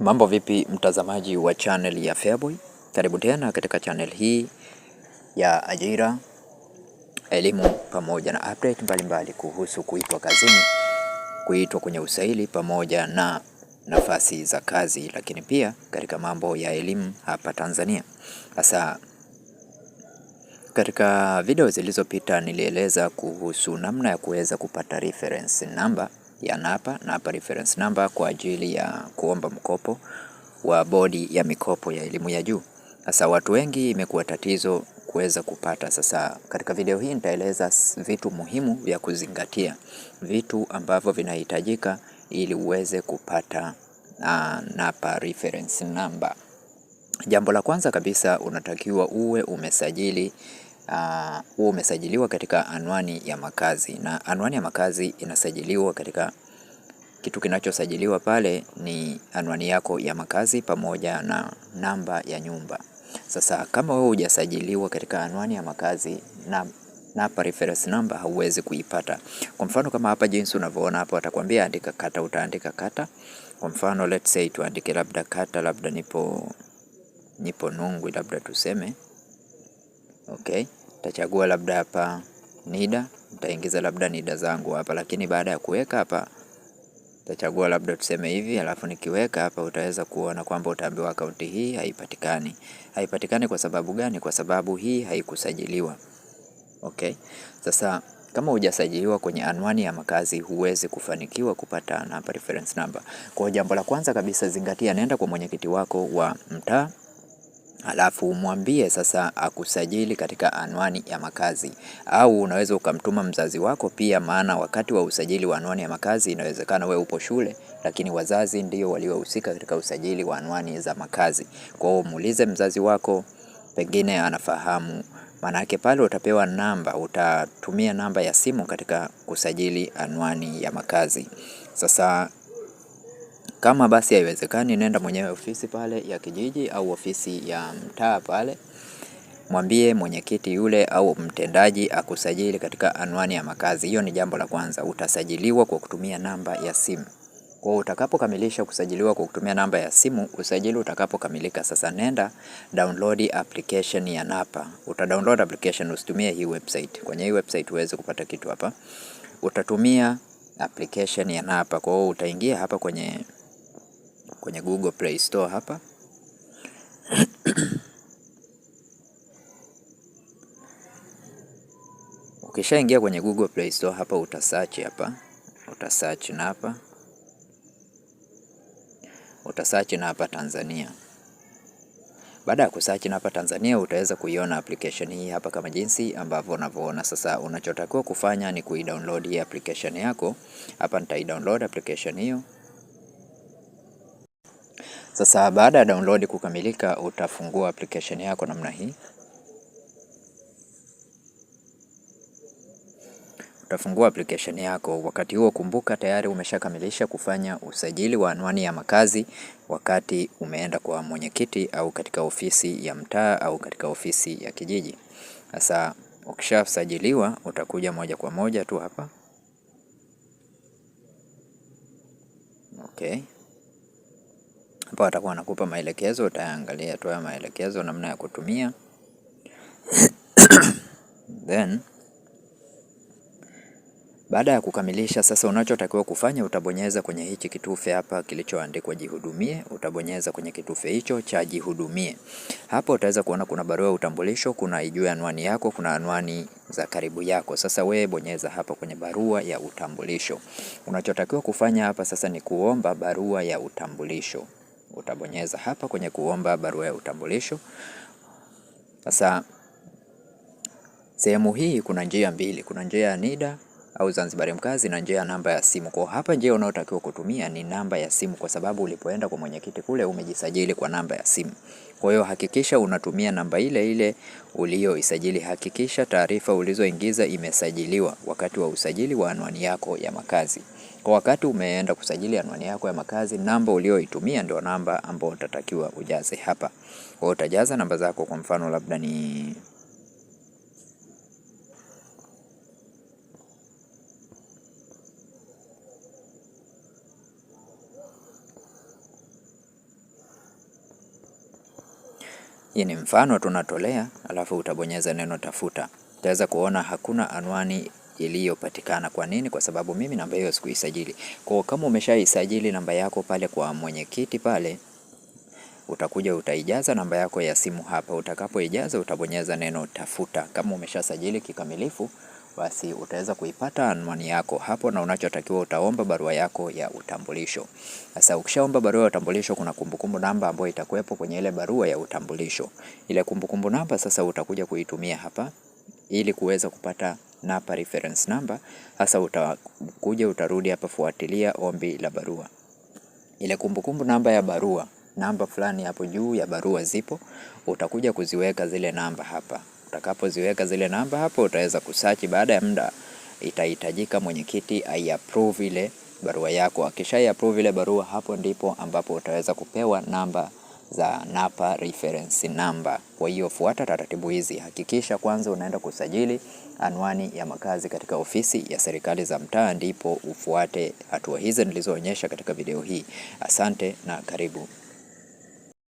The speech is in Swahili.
Mambo vipi mtazamaji wa channel ya Feaboy, karibu tena katika channel hii ya ajira, elimu pamoja na update mbalimbali kuhusu kuitwa kazini, kuitwa kwenye usaili pamoja na nafasi za kazi, lakini pia katika mambo ya elimu hapa Tanzania. Sasa katika video zilizopita nilieleza kuhusu namna ya kuweza kupata reference number ya NAPA, NAPA reference number kwa ajili ya kuomba mkopo wa bodi ya mikopo ya elimu ya juu. Sasa watu wengi imekuwa tatizo kuweza kupata. Sasa katika video hii nitaeleza vitu muhimu vya kuzingatia, vitu ambavyo vinahitajika ili uweze kupata uh, NAPA reference number. Jambo la kwanza kabisa unatakiwa uwe umesajili Uh, huo uh, umesajiliwa katika anwani ya makazi, na anwani ya makazi inasajiliwa katika kitu kinachosajiliwa pale ni anwani yako ya makazi pamoja na namba ya nyumba. Sasa kama wewe hujasajiliwa katika anwani ya makazi na na hapa reference number hauwezi kuipata. Kwa mfano kama hapa jinsi unavyoona hapa, watakwambia andika kata, utaandika kata. Kwa mfano let's say tuandike labda kata, labda nipo nipo Nungwi, labda tuseme Okay, nitachagua labda hapa nida, nitaingiza labda nida zangu hapa, lakini baada ya kuweka hapa tachagua labda tuseme hivi, alafu nikiweka hapa utaweza kuona kwamba utaambiwa akaunti hii haipatikani. Haipatikani kwa sababu gani? Kwa sababu hii haikusajiliwa. Okay, sasa kama hujasajiliwa kwenye anwani ya makazi huwezi kufanikiwa kupata NaPA reference number. Kwa jambo la kwanza kabisa, zingatia, nenda kwa mwenyekiti wako wa mtaa Alafu umwambie sasa akusajili katika anwani ya makazi, au unaweza ukamtuma mzazi wako pia, maana wakati wa usajili wa anwani ya makazi inawezekana we upo shule, lakini wazazi ndio waliohusika katika usajili wa anwani za makazi. Kwa hiyo muulize mzazi wako, pengine anafahamu. Maanake pale utapewa namba, utatumia namba ya simu katika kusajili anwani ya makazi. Sasa kama basi haiwezekani, nenda mwenyewe ofisi pale ya kijiji au ofisi ya mtaa pale, mwambie mwenyekiti yule au mtendaji akusajili katika anwani ya makazi. Hiyo ni jambo la kwanza. Utasajiliwa kwa kutumia namba ya simu. Kwa utakapokamilisha kusajiliwa kwa kutumia namba ya simu, usajili utakapokamilika, sasa nenda download application ya NAPA. Uta download application, usitumie hii website. Kwenye hii website uweze kupata kitu hapa. Utatumia application ya NAPA. Kwa hiyo utaingia hapa kwenye kwenye Google Play Store hapa ukishaingia kwenye Google Play Store hapa, utasearch hapa, utasearch na hapa, utasearch na hapa Tanzania. Baada ya kusearch na hapa Tanzania, utaweza kuiona application hii hapa kama jinsi ambavyo unavyoona sasa. Unachotakiwa kufanya ni kuidownload hii application yako hapa. Nitaidownload application hiyo. Sasa baada ya download kukamilika, utafungua application yako namna hii. Utafungua application yako. Wakati huo kumbuka, tayari umeshakamilisha kufanya usajili wa anwani ya makazi, wakati umeenda kwa mwenyekiti au katika ofisi ya mtaa au katika ofisi ya kijiji. Sasa ukishasajiliwa, utakuja moja kwa moja tu hapa okay hapa watakuwa wanakupa maelekezo, utaangalia tu maelekezo namna ya kutumia then baada ya kukamilisha sasa, unachotakiwa kufanya utabonyeza kwenye hichi kitufe hapa kilichoandikwa jihudumie. Utabonyeza kwenye kitufe hicho cha jihudumie. Hapo utaweza kuona kuna barua ya utambulisho, kuna ijue anwani yako, kuna anwani za karibu yako. Sasa we bonyeza hapa kwenye barua ya utambulisho. Unachotakiwa kufanya hapa sasa ni kuomba barua ya utambulisho utabonyeza hapa kwenye kuomba barua ya utambulisho. Sasa sehemu hii kuna njia mbili, kuna njia ya NIDA au Zanzibar mkazi na njia ya namba ya simu. Kwa hapa njia unayotakiwa kutumia ni namba ya simu, kwa sababu ulipoenda kwa mwenyekiti kule umejisajili kwa namba ya simu. Kwa hiyo hakikisha unatumia namba ile ile uliyoisajili. Hakikisha taarifa ulizoingiza imesajiliwa wakati wa usajili wa anwani yako ya makazi. Kwa wakati umeenda kusajili anwani yako ya makazi, namba ulioitumia ndio namba ambayo utatakiwa ujaze hapa. Kwa utajaza namba zako, kwa mfano labda ni hii ni mfano tunatolea, alafu utabonyeza neno tafuta. Utaweza kuona hakuna anwani iliyopatikana. Kwa nini? Kwa sababu mimi namba hiyo sikuisajili. Kwa kama umeshaisajili namba yako pale kwa mwenyekiti pale, utakuja utaijaza namba yako ya simu hapa. Utakapoijaza utabonyeza neno tafuta. Kama umeshasajili kikamilifu, basi utaweza kuipata anwani yako hapo, na unachotakiwa utaomba barua yako ya utambulisho. Sasa ukishaomba barua ya utambulisho, kuna kumbukumbu namba ambayo itakuwepo kwenye ile barua ya utambulisho. Ile kumbukumbu namba sasa utakuja kuitumia hapa ili kuweza kupata NAPA reference number. Sasa utakuja utarudi hapa, fuatilia ombi la barua, ile kumbukumbu namba ya barua, namba fulani hapo juu ya barua zipo, utakuja kuziweka zile namba hapa. Utakapoziweka zile namba hapo, utaweza kusachi. Baada ya muda itahitajika mwenyekiti approve ile barua yako. Akishai approve ile barua, hapo ndipo ambapo utaweza kupewa namba za NAPA reference number. Kwa hiyo fuata taratibu hizi. Hakikisha kwanza unaenda kusajili anwani ya makazi katika ofisi ya serikali za mtaa, ndipo ufuate hatua hizi nilizoonyesha katika video hii. Asante na karibu.